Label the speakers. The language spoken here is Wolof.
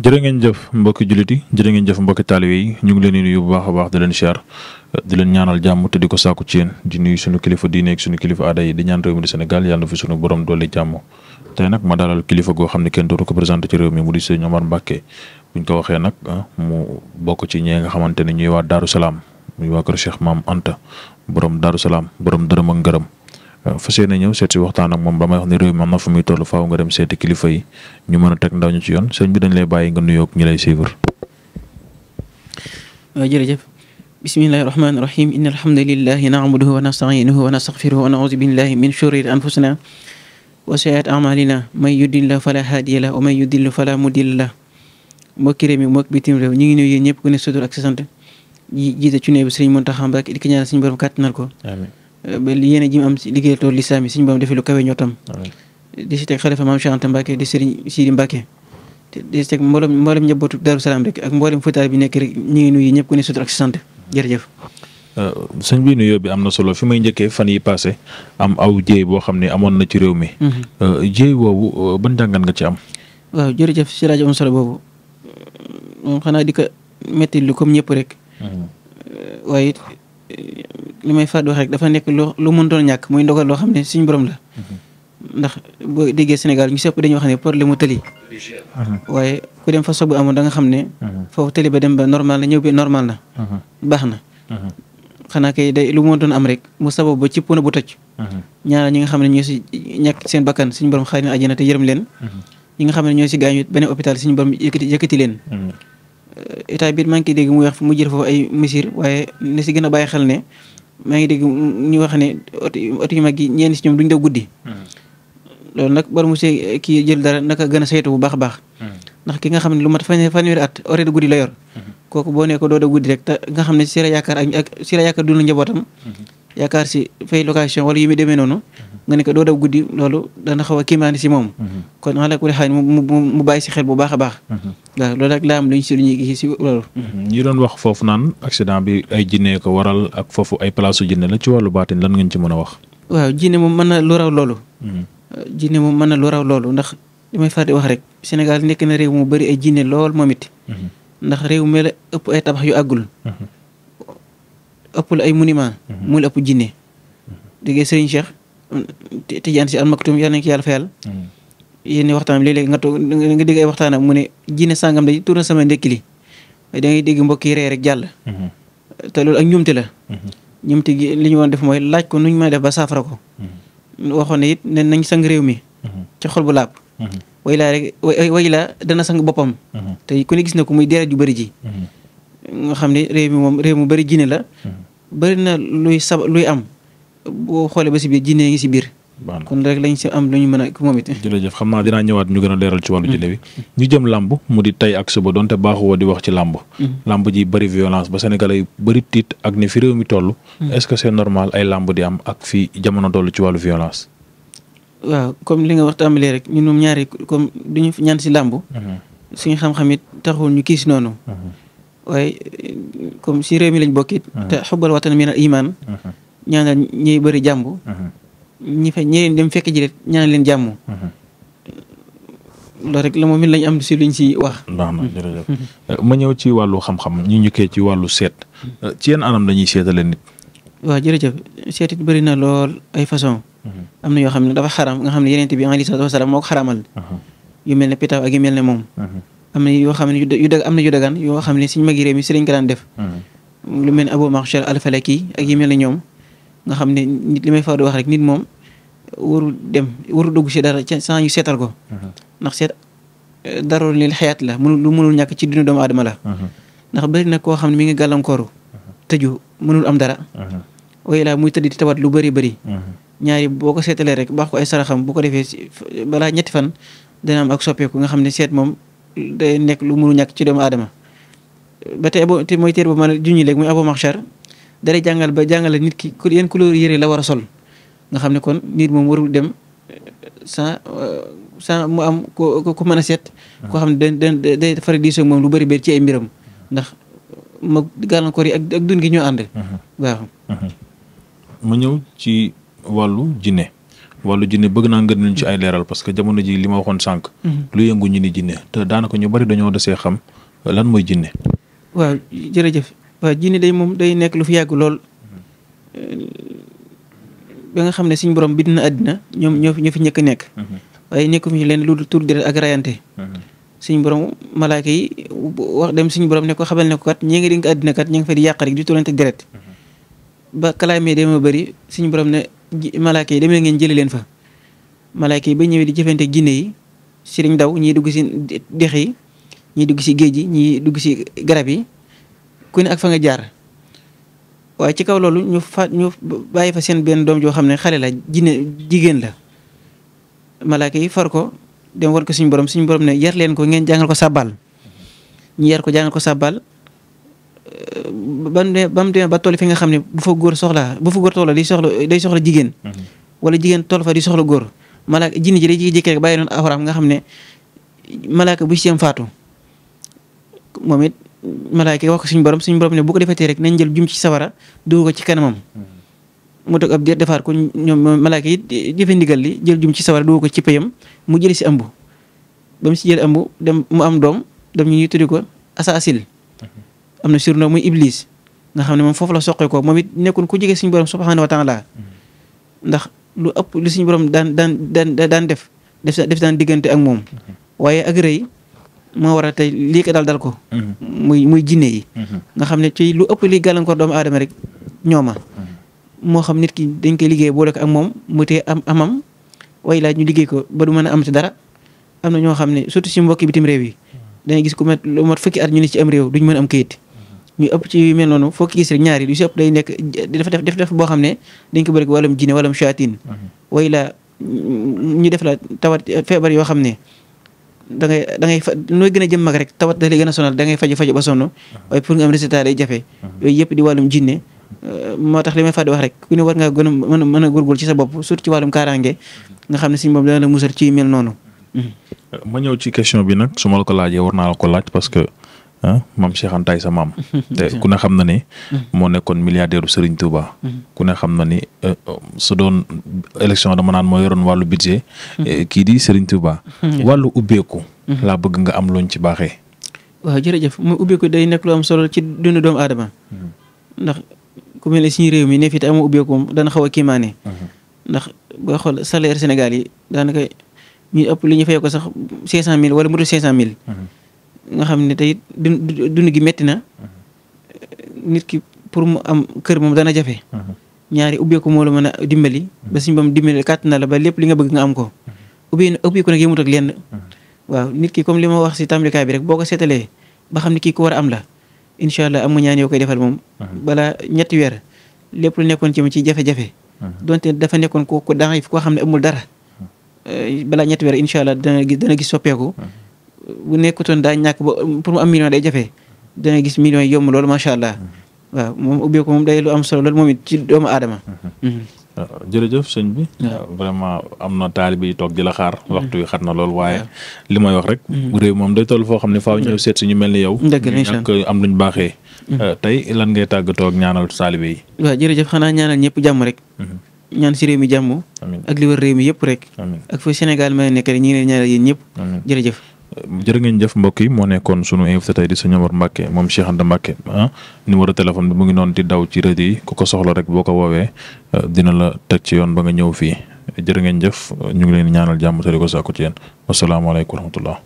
Speaker 1: jërë ngeen jëf mbokki jullit yi jërë ngeen jëf mbokki taalibe yi ñu ngi leen di nuyu bu baax a baax di leen siyaar di leen ñaanal jàmm te di ko sàkku ci yéen di nuyu suñu kilifa diine ak suñu kilifa aada yi di ñaan réew mi di Sénégal yàlla na fi suñu borom doole jàmm tey nag ma dalal kilifa goo xam ne kenn dootu ko présenté ci réew mi mu di sëñ Omar Mbacke buñ ko waxee nag ah, mu bokk ci ñee nga xamante ne ñuy waa Daaru Salaam muy waa kër Cheikh Maam Anta borom Daaru Salaam borom dërëm ak ngërëm fa see na ñëw seet si waxtaan ak moom damay wax ni réew mi am na fu muy toll faaw nga dem seeti kilifa yi ñu mën a teg ndaw ñu ci yoon sëñ bi dañ lay bàyyi nga nuyoog ñi lay suivre.
Speaker 2: Euh, jërëjëf bismillahi rahmaani rahim inna alhamdulillahi nahmaduhu wa nasta'inuhu wa nastaghfiruhu wa na'udhu billahi min shururi anfusina wa sayyi'ati a'malina man yuhdihillahu fala hadiya lahu wa man yudlil fala mudilla lahu mbokki réew mi mbokk bitim réew ñu ngi nuyu yéen ñëpp ko ne sutur ak sa sant jiite ci néew bi Sëriñ ko ba yéene ji mu am si liggéey tool lislaam yi suñu borom defee lu kawe ñootam di si teg xalifa maam Cheikh Anta di si teg mboolem njabootu Daaru Salaam rek ak mboolem futaar bi nekk rek ñu ngi nuyu ñëpp ku ne sutur ak si sant jërëjëf
Speaker 1: euh, sëñ bi nuyoo bi am na solo fi may njëkkee fan yi passé am aw jéey boo xam ne amoon na ci réew mi mhm. euh, jéey ba euh, ban jàngat nga ci am
Speaker 2: waaw jërëjëf si rajo am solo boobu moom xanaa di ko metti lu comme ñëpp rek mhm. li may fàddu wax rek dafa nekk loo lu mëntoon ñàkk muy ndogal loo xam ne suñu borom la. ndax boo déggee Sénégal ñu sëpp dañuy wax ne problème mu tëli. waaye ku dem fa soog bu amoon da nga xam ne. foofu tëli ba dem ba normal na ñëw bi normal na. baax na. xanaa kay day lu mu doon am rek mu sabab ba cipp na bu toj. ñaara ñi nga xam ne ñu si ñàkk seen bakkan suñu borom xaar na àjjana te yërëm leen. ñi nga xam ne ñoo si gaañu beneen hôpital suñu borom yëkkati yëkkati Euh, état bi it maa ngi koy dégg mu wax mu jël foofu ay mesures waaye na si gën a bàyyi xel ne maa ngi dégg ñu wax ne oto yu mag yi ñenn si ñoom duñ daw guddi. Mm-hmm. loolu nag bala mu see kii jël dara naka gën a saytu bu baax a baax. Mm-hmm. ndax ki nga xam ne lu mat fanweeri at a guddi la yor. Mm-hmm. kooku boo nee ko a daw guddi rek te nga xam ne si a yaakaar ak si njabootam. yaakaar si fay location wala yu muy demee noonu nga ne ko doo daw guddi loolu dana xaw a kiimaani si moom mhm. kon ala kulli xaal mu mu bàyyi si xel bu baax a baax mhm. waaw loolu rek laa am lu ñu si lu ñuy gis si
Speaker 1: mhm. foofu ay jinne jinne la ci wàllu baatin lan ngeen ci mën a wax
Speaker 2: waaw jinne moom mën na lu raw loolu euh, jinne moom mën na lu raw loolu ndax li far di wax rek Sénégal nekk na réew mu bëri ay jinne lool moom it ndax réew mi la ëpp ay tabax yu àggul ëpp la ay monument mu mhm. la ëpp jinne mhm. déggee sëriñ Cheikh Tidiane si almaktum yal nañ ko yàlla fayal mhm. yéen waxtaan léeg-léeg nga toog nga dégg ay waxtaanam mu ne jinne sàngam day tourné sama ndekki li da ngay dégg mbokk yi ree rek jàll te loolu ak ñumte la ñumte gi li ñu woon def mooy laaj ko nuñ mën a def ba saafara ko waxoon ne it ne nañ sang réew mi ci xol bu laab way laa rek way laa dana sang boppam te ku ne gis na ko muy deret ju bëri ji nga xam ne réew mi moom réew mu bëri jinne la hmm. bëri na luy sab luy am boo xoolee ba si biir jinne ngi si biir kon rek lañ si am lu ñu mën a moom it xam naa dinaa ñëwaat ñu gën a leeral ci wàllu jinne bi hmm. ñu jëm làmb mu di
Speaker 1: tey ak suba donte baaxuwa di wax ci làmb hmm. làmb ji bëri violence ba Sénégalais yi bëri tiit ak ni fi réew mi toll est-ce que c'est normal ay làmb di am ak fi jamono toll ci wàllu violence
Speaker 2: waaw comme li nga wax tàmbalee rek ñun moom ñaari comme si làmb suñu waaye comme si réew mi lañ bokkit mhm. te xubbal watan min al iman mhm. ñaanal ñuy bëri jàmm mhm. ñi fa ñeneen dem fekk ji ñaanal leen jàmm loolu rek la moom it lañ am si luñ si wax. baax
Speaker 1: euh, ma ñëw ci wàllu xam-xam ñu njëkkee ci wàllu seet euh, ci yenn anam lañuy seetale nit.
Speaker 2: waaw jërëjëf seet it bëri na lool ay façon am na yoo xam ne dafa xaram nga xam ne yeneen bi alayhi salaatu wasalaam moo ko xaramal. yu ne pitaaw ak yu ne moom. am na yoo xam ne yu dëgg am yu dagan yoo xam ne suñ magi réew mi si lañ ko daan def hmm. lu mel ne Abu Mahshar al ak yi ne ñoom nga xam ne nit li may faral di wax rek nit moom warul dem warul dugg si dara sans ñu seetal ko hmm. ndax seet euh, darool lil xayaat la mënul lu mënul ci dund doomu aadama la hmm. ndax bëri na koo xam ne mi ngi gàllankooru tëju mënul am dara waaye laa muy tëdd di tawat lu bëri bëri ñaari boo ko seetalee rek baax ko ay saraxam bu ko defee balaa ñetti fan dina am ak soppeeku nga xam ne seet moom day nekk lu mënu ñàkk ci doomu aadama ba tey te mooy téer ba mën a juñi léegi muy abo maxchar dara jàngal ba jàngale nit ki yan couleur yére la war a sol nga xam ne kon nit moom warul dem sa eh, sa euh, mu am ko ku mën a seet koo xam ne da day fara diisoo moom lu bari bëri ci ay mbiram ndax ma gàllankoor yi ak ak dund gi ñoo ànd waaw
Speaker 1: mu ñëw ci wàllu jinne wàllu jinne bëgg naa ngeen ñu ci ay leeral parce que jamono ji li ma waxoon sànq. Mhm. lu yëngu ñu ni jinne te daanaka ñu bari dañoo desee xam lan mooy jinne.
Speaker 2: waaw jërëjëf waaw jinne day moom day nekk lu fi yàgg lool ba nga xam ne suñu borom bi dina àddina ñoom ñoo fi ñoo fi nekk. Mhm. waaye nekku fi leen lu dul tur deret ak rayante. Mhm. suñu borom malaaka yi wax dem suñu borom ne ko xamal ne ko kat ñii nga di àddina kat ña nga fa di yàq di turante deret ba a malaaka yi dem ngeen jëli leen fa malaaka yi ba ñëwee di jëfante jinne yi sëriñ daw ñii dugg si dex yi ñii dugg ci géej yi ñii dugg si garab yi ku ne ak fa nga jaar waaye ci kaw loolu ñu fa ñu bàyyi fa seen benn doom joo xam ne xale la jinne jigéen la malaaka yi far ko dem war ko suñu borom suñu borom ne yar leen ko ngeen jàngal ko sàbbal ñu yar ko jàngal ko sàbbal ba mu ba mu ba toll fi nga xam ne bu fa góor soxlaa bu fa góor tolloo day soxla day jigéen. Mm-hmm. wala jigéen toll fa di soxla góor. malaaka jinni ji day jékki-jékki rek bàyyi noonu awraam ne malaaka bu siy faatu moom it malaaka wax ko suñu borom suñu borom ne bu ko defetee rek nañ jël jum ci sawara dugg ko ci kanamam.
Speaker 3: Mm-hmm.
Speaker 2: mu toog ab diir defaat ko li jël jum ci sawara dugg ci payam mu jëlee si ëmb. ba mu si jël ëmb dem mu am doom doom ñu ñuy tuddi ko asaasil am na surnom muy Iblis nga xam ne moom foofu la soqeekoo moom it nekkul ku jege suñu borom subhaanahu wa taala ndax lu ëpp lu suñu borom daan daan daan daan def def def daan diggante ak moom waaye ak rëy moo war a tey lii ko dal ko. muy muy jinne yi. nga xam ne ci lu ëpp li gàllankoor doomu aadama rek ñooma moo xam nit ki dañ koy liggéey boole ko ak moom mu tee am amam way laaj ñu liggéey ko ba du mën a am ci dara am na ñoo xam ne surtout si mbokki bitim réew ñu ëpp ci yu mel noonu foo gis rek ñaar yi lu si ëpp day nekk def def boo xam ne dañ ko mhm. da ngay da ngay fa nooy gën a jëm mag rek tawat da lay gën a sonal da ngay fajo fajo ba sonn mhm. waaye pour nga am résultat day jafe mhm. yooyu yëpp di wàllum jinne euh, moo tax li may fàtte wax rek ku ne war ngaa a mën a mën a góorgóorlu ci sa bopp surtout ci wàllum kaaraange nga xam ne suñu bopp dana la musal ci yu mel noonu euh,
Speaker 1: ma ñëw ci question bi nag su ma la ko ah maam Cheikh Anta sa maam. te ku ne xam na ni. moo nekkoon milliardaire Serigne Touba. ku ne xam na ni eh, su doon élection dama naan moo yoroon wàllu budget. Eh, kii di Serigne Touba. wàllu ubbeeku. laa bëgg nga am looñ ci baaxee.
Speaker 2: waaw jërëjëf mu ubbeeku day nekk solo ci dundu doomu aadama. ndax ku mel ne mi ne fii te ubbeeku moom dana xaw a kiimaane. ndax boo xool salaire Sénégal yi daanaka ñuy ëpp li ñu fay ko sax 500000 wala mu dul 500000. nga xam ne tey dund gi metti na nit ki pour mu am kër moom dana jafe. ñaari ubbeeku moo la mën a dimbali. ba suñ ba mu dimbali kàtt na la ba lépp li nga bëgg nga am ko. ubbee ubbeeku nag yëmut ak lenn. waaw nit ki comme li ma wax si tàmbalikaay bi rek boo ko seetalee ba xam ne kii ko war a am la incha allah am nga ñaan yoo koy defal moom. bala ñetti weer lépp lu nekkoon ci ma ci jafe-jafe. donte dafa nekkoon ko ko daif koo xam ne amul dara. Eh, balaa ñetti weer incha allah dana gis soppeeku. bu nekkutoon daa ñàkk ba pour mu am million day jafe dana gis millions yi yomb loolu macha allah mm-hmm. waaw moom ubbeeku moom day lu am solo loolu moom it ci doomu aadama. Mm-hmm.
Speaker 1: Uh, jërëjëf sëñ bi. Uh, am na taalibe toog di la xaar. Mm-hmm. waaye li may wax rek. réew moom day toll foo xam ne faaw ñëw seet si ñu mel ni yow. dëgg la am luñ baaxee. Uh, tey lan ngay tàggatoo ak ñaanal taalibe yi.
Speaker 2: waaw jërëjëf xanaa ñaanal ñëpp jàmm rek. ñaan si réew mi jàmm. ak li wër réew mi yëpp rek. ak fu Sénégal
Speaker 1: jërë ngeen jëf mbokk yi moo nekkoon sunu invité tey di sëñ Omar Mbacke moom Cheikh Anta Mbacke ah numéro téléphone bi mu ngi noon di daw ci rajo yi ku ko soxla rek boo ko woowee euh, dina la teg ci yoon ba nga ñëw fii jërë ngeen jëf ñu ngi leen ñaanal jàmm te di ko sàkku ci yéen wasalaamaaleykum wa rahmatullah